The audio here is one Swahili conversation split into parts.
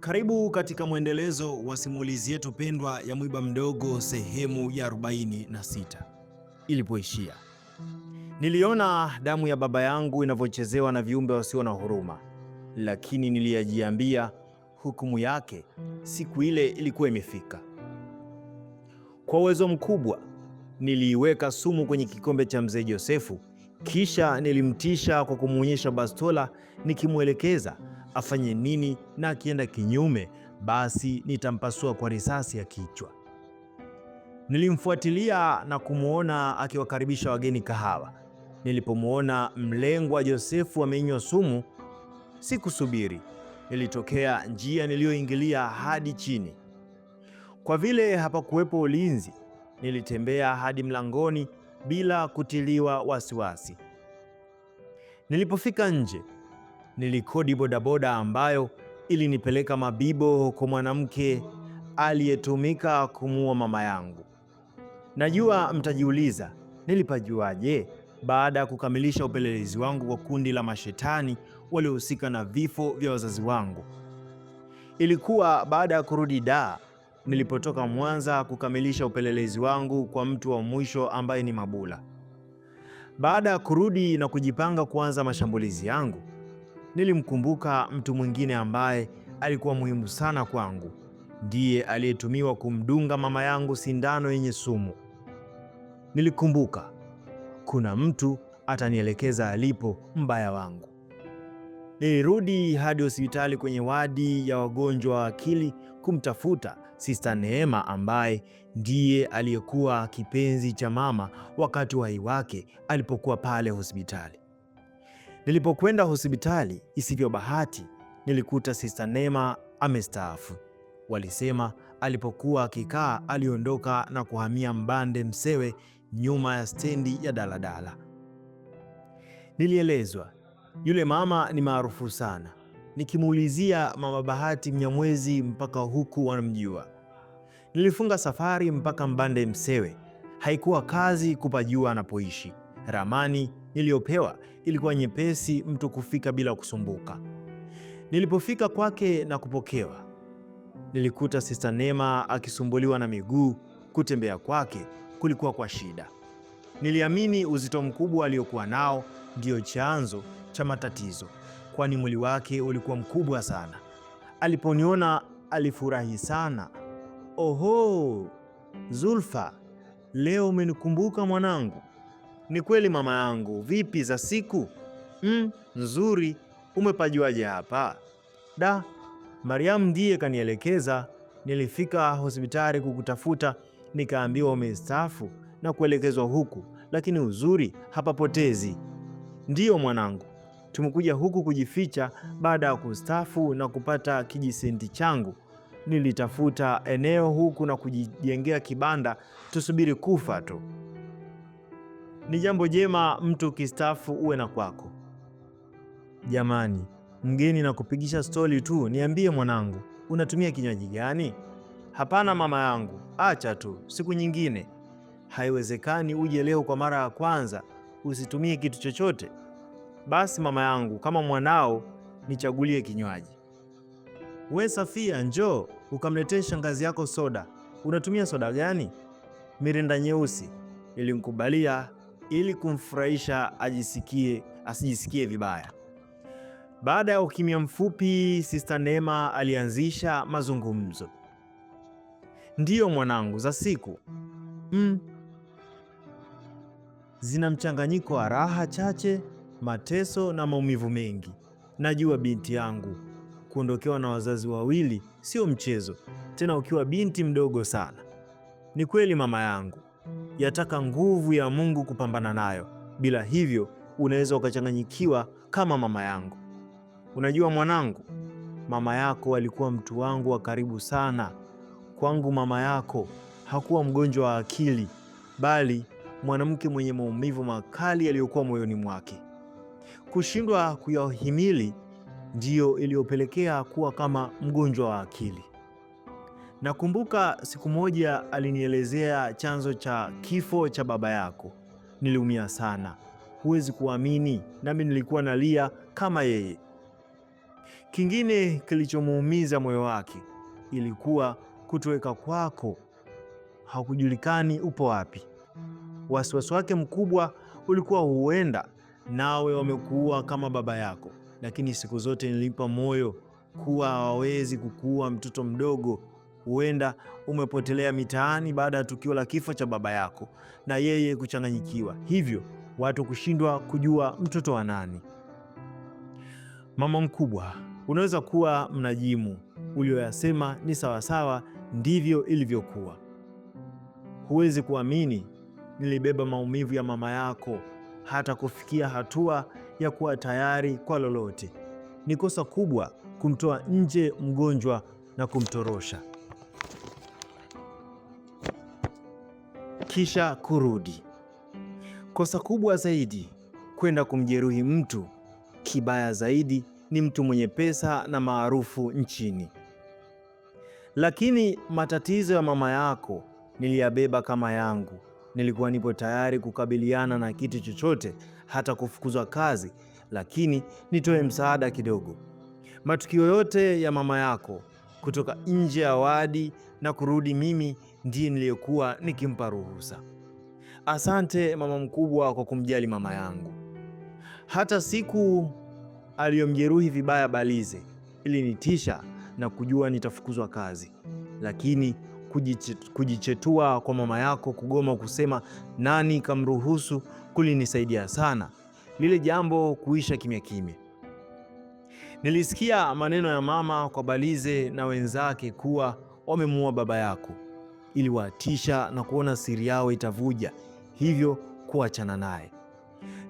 Karibu katika mwendelezo wa simulizi yetu pendwa ya Mwiba Mdogo sehemu ya 46. Ilipoishia, niliona damu ya baba yangu inavyochezewa na viumbe wasio na huruma, lakini niliyajiambia hukumu yake siku ile ilikuwa imefika. Kwa uwezo mkubwa niliiweka sumu kwenye kikombe cha mzee Josefu, kisha nilimtisha kwa kumwonyesha bastola nikimwelekeza afanye nini, na akienda kinyume, basi nitampasua kwa risasi ya kichwa. Nilimfuatilia na kumwona akiwakaribisha wageni kahawa. Nilipomwona mlengwa Josefu ameinywa sumu, sikusubiri. Nilitokea njia niliyoingilia hadi chini. Kwa vile hapakuwepo ulinzi, nilitembea hadi mlangoni bila kutiliwa wasiwasi. Nilipofika nje nilikodi bodaboda ambayo ilinipeleka Mabibo kwa mwanamke aliyetumika kumuua mama yangu. Najua mtajiuliza nilipajuaje? Baada ya kukamilisha upelelezi wangu kwa kundi la mashetani waliohusika na vifo vya wazazi wangu, ilikuwa baada ya kurudi Dar nilipotoka Mwanza kukamilisha upelelezi wangu kwa mtu wa mwisho ambaye ni Mabula. Baada ya kurudi na kujipanga kuanza mashambulizi yangu, nilimkumbuka mtu mwingine ambaye alikuwa muhimu sana kwangu. Ndiye aliyetumiwa kumdunga mama yangu sindano yenye sumu. Nilikumbuka kuna mtu atanielekeza alipo mbaya wangu. Nilirudi hadi hospitali kwenye wadi ya wagonjwa wa akili kumtafuta Sista Neema ambaye ndiye aliyekuwa kipenzi cha mama wakati uhai wake alipokuwa pale hospitali. Nilipokwenda hospitali isivyo bahati, nilikuta Sista Neema amestaafu. Walisema alipokuwa akikaa aliondoka na kuhamia Mbande Msewe, nyuma ya stendi ya daladala. Nilielezwa yule mama ni maarufu sana. Nikimuulizia Mama Bahati Mnyamwezi, mpaka huku wanamjua. Nilifunga safari mpaka Mbande Msewe. Haikuwa kazi kupajua anapoishi. Ramani niliyopewa ilikuwa nyepesi mtu kufika bila kusumbuka. Nilipofika kwake na kupokewa, nilikuta Sista Neema akisumbuliwa na miguu. Kutembea kwake kulikuwa kwa shida. Niliamini uzito mkubwa aliokuwa nao ndiyo chanzo cha matatizo, kwani mwili wake ulikuwa mkubwa sana. Aliponiona alifurahi sana. Oho, Zulfa, leo umenikumbuka mwanangu, ni kweli mama yangu, vipi za siku? Mm, nzuri. Umepajuaje hapa? Da, Mariamu ndiye kanielekeza. Nilifika hospitali kukutafuta, nikaambiwa umestaafu na kuelekezwa huku, lakini uzuri hapapotezi. Ndiyo mwanangu, tumekuja huku kujificha baada ya kustaafu na kupata kijisenti changu. Nilitafuta eneo huku na kujijengea kibanda, tusubiri kufa tu. Ni jambo jema mtu ukistaafu uwe na kwako. Jamani, mgeni na kupigisha stori tu, niambie mwanangu, unatumia kinywaji gani? Hapana mama yangu, acha tu, siku nyingine. Haiwezekani uje leo kwa mara ya kwanza usitumie kitu chochote. Basi mama yangu, kama mwanao, nichagulie kinywaji. We Safia, njoo ukamletee shangazi yako soda. Unatumia soda gani? Mirinda nyeusi, ilimkubalia ili kumfurahisha ajisikie, asijisikie vibaya. Baada ya ukimya mfupi, Sista Neema alianzisha mazungumzo. Ndiyo mwanangu, za siku mm, zina mchanganyiko wa raha chache, mateso na maumivu mengi. Najua binti yangu, kuondokewa na wazazi wawili sio mchezo, tena ukiwa binti mdogo sana. Ni kweli mama yangu, yataka nguvu ya Mungu kupambana nayo. Bila hivyo, unaweza ukachanganyikiwa kama mama yangu. Unajua mwanangu, mama yako alikuwa mtu wangu wa karibu sana. Kwangu mama yako hakuwa mgonjwa wa akili, bali mwanamke mwenye maumivu makali yaliyokuwa moyoni mwake. Kushindwa kuyahimili ndiyo iliyopelekea kuwa kama mgonjwa wa akili. Nakumbuka siku moja alinielezea chanzo cha kifo cha baba yako. Niliumia sana, huwezi kuamini, nami nilikuwa nalia kama yeye. Kingine kilichomuumiza moyo wake ilikuwa kutoweka kwako, hakujulikani upo wapi. Wasiwasi wake mkubwa ulikuwa huenda nawe wamekuua kama baba yako, lakini siku zote nilimpa moyo kuwa hawawezi kukuua mtoto mdogo huenda umepotelea mitaani baada ya tukio la kifo cha baba yako na yeye kuchanganyikiwa, hivyo watu kushindwa kujua mtoto wa nani. Mama mkubwa, unaweza kuwa mnajimu. Ulioyasema ni sawasawa, ndivyo ilivyokuwa. Huwezi kuamini, nilibeba maumivu ya mama yako hata kufikia hatua ya kuwa tayari kwa lolote. Ni kosa kubwa kumtoa nje mgonjwa na kumtorosha. kisha kurudi. Kosa kubwa zaidi kwenda kumjeruhi mtu, kibaya zaidi ni mtu mwenye pesa na maarufu nchini. Lakini matatizo ya mama yako niliyabeba kama yangu. Nilikuwa nipo tayari kukabiliana na kitu chochote, hata kufukuzwa kazi, lakini nitoe msaada kidogo. Matukio yote ya mama yako kutoka nje ya wadi na kurudi, mimi ndiye niliyokuwa nikimpa ruhusa. Asante mama mkubwa kwa kumjali mama yangu. Hata siku aliyomjeruhi vibaya Balize ilinitisha na kujua nitafukuzwa kazi, lakini kujichetua kwa mama yako kugoma kusema nani kamruhusu kulinisaidia sana lile jambo kuisha kimya kimya. Nilisikia maneno ya mama kwa Balize na wenzake kuwa wamemuua baba yako iliwatisha na kuona siri yao itavuja, hivyo kuachana naye.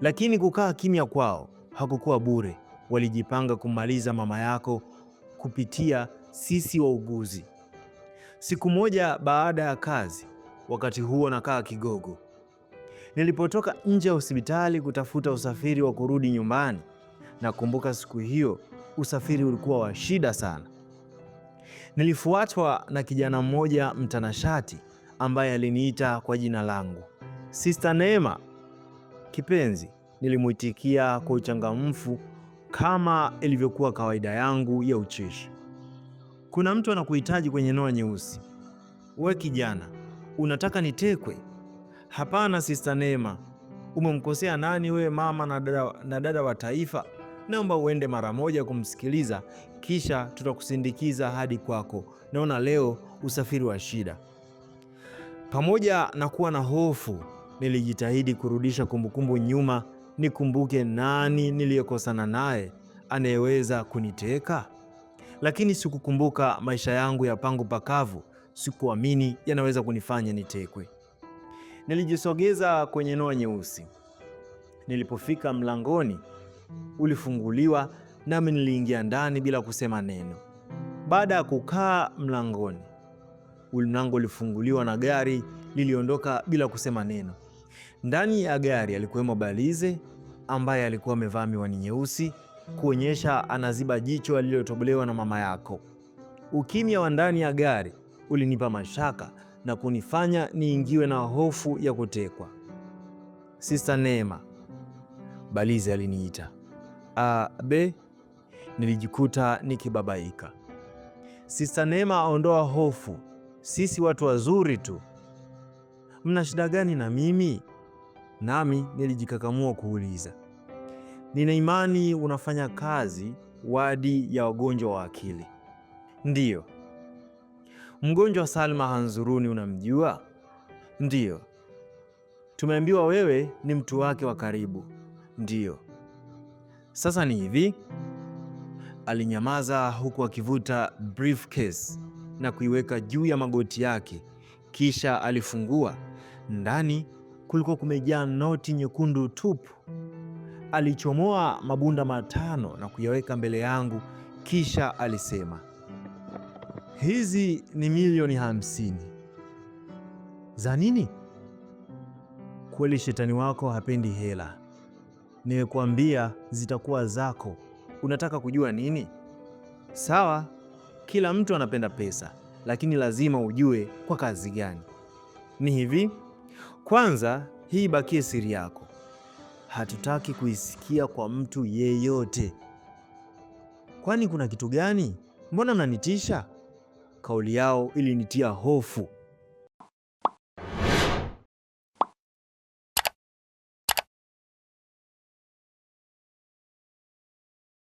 Lakini kukaa kimya kwao hakukuwa bure. Walijipanga kumaliza mama yako kupitia sisi wauguzi. Siku moja baada ya kazi, wakati huo nakaa Kigogo, nilipotoka nje ya hospitali kutafuta usafiri wa kurudi nyumbani. Nakumbuka siku hiyo usafiri ulikuwa wa shida sana. Nilifuatwa na kijana mmoja mtanashati ambaye aliniita kwa jina langu, Sister Neema kipenzi. Nilimwitikia kwa uchangamfu kama ilivyokuwa kawaida yangu ya ucheshi. Kuna mtu anakuhitaji kwenye noa nyeusi. We kijana, unataka nitekwe? Hapana Sister Neema, umemkosea nani wewe mama na dada, na dada wa taifa? naomba uende mara moja kumsikiliza, kisha tutakusindikiza hadi kwako. Naona leo usafiri wa shida. Pamoja na kuwa na hofu, nilijitahidi kurudisha kumbukumbu nyuma, nikumbuke nani niliyekosana naye anayeweza kuniteka, lakini sikukumbuka maisha yangu ya pangu pakavu. Sikuamini yanaweza kunifanya nitekwe. Nilijisogeza kwenye noa nyeusi. Nilipofika mlangoni, ulifunguliwa, nami niliingia ndani bila kusema neno. Baada ya kukaa mlangoni, mlango ulifunguliwa na gari liliondoka bila kusema neno. Ndani ya gari alikuwemo Balize ambaye alikuwa amevaa miwani nyeusi kuonyesha anaziba jicho alilotobolewa na mama yako. Ukimya wa ndani ya gari ulinipa mashaka na kunifanya niingiwe na hofu ya kutekwa. Sista Neema, Balize aliniita uh, be nilijikuta nikibabaika. Sista Neema aondoa hofu, sisi watu wazuri tu, mna shida gani na mimi? Nami nilijikakamua kuuliza, nina imani unafanya kazi wadi ya wagonjwa wa akili. Ndiyo. Mgonjwa Salma Hanzuruni unamjua? Ndiyo. Tumeambiwa wewe ni mtu wake wa karibu. Ndiyo. Sasa ni hivi, alinyamaza huku akivuta briefcase na kuiweka juu ya magoti yake, kisha alifungua. Ndani kulikuwa kumejaa noti nyekundu tupu. Alichomoa mabunda matano na kuyaweka mbele yangu, kisha alisema, hizi ni milioni hamsini. Za nini? Kweli shetani wako hapendi hela nimekuambia zitakuwa zako. Unataka kujua nini? Sawa, kila mtu anapenda pesa, lakini lazima ujue kwa kazi gani. Ni hivi, kwanza, hii bakie siri yako, hatutaki kuisikia kwa mtu yeyote. Kwani kuna kitu gani? Mbona mnanitisha? Kauli yao ilinitia hofu.